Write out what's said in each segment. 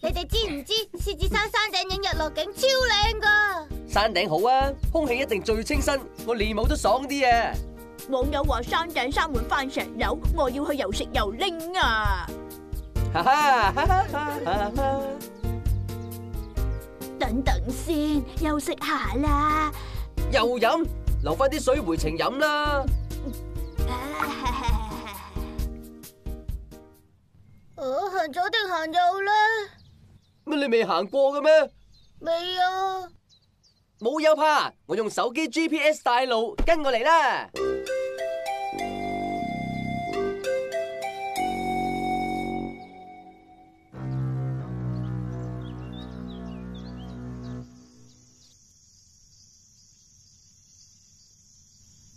你哋知唔知獅子山山頂影日落景超靚噶？山頂好啊，空氣一定最清新，我練武都爽啲啊！網友話山頂山滿番石榴，我要去又食又拎啊！哈哈哈哈哈！等等先，休息下啦。又飲。留翻啲水回程飲啦。我行左定行右啦。乜你未行過嘅咩？未啊。冇有怕，我用手機 GPS 帶路，跟我嚟啦。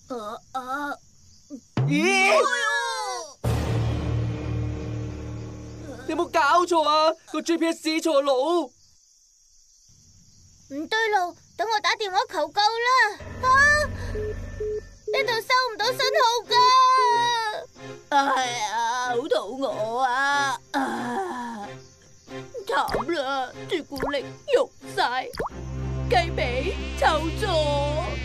啊啊！咦？有冇搞錯啊？個 G P S 錯路，唔對路，等我打電話求救啦！啊，呢度收唔到信號噶。哎呀，好肚餓啊，慘啦，朱古力溶晒，雞髀臭咗。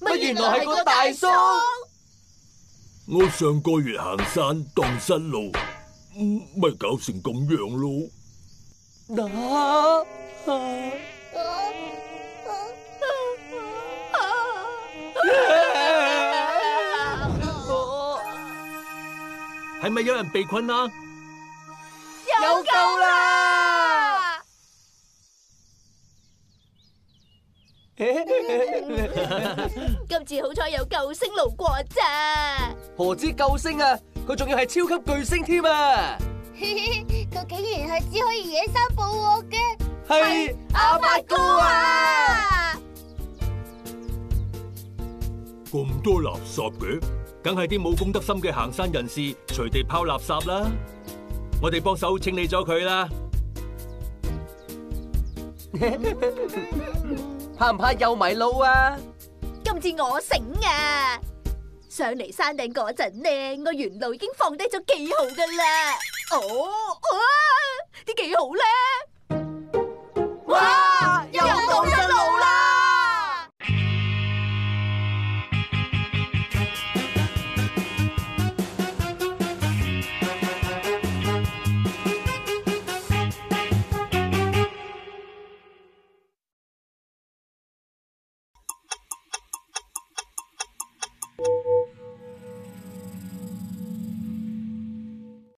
乜原來係個大叔？我上個月行山蕩失路，嗯，咪搞成咁樣咯？嗱，係咪有人被困啊？有救啦！今次好彩有救星路過咋？何止救星啊，佢仲要係超級巨星添啊！佢竟然係只可以野生保護嘅，係阿發哥啊！咁多垃圾嘅，梗係啲冇公德心嘅行山人士隨地拋垃圾啦！我哋幫手清理咗佢啦。怕唔怕又迷路啊？今次我醒啊！上嚟山頂嗰陣咧，我沿路已經放低咗記號噶啦。哦，哦，啲記號咧？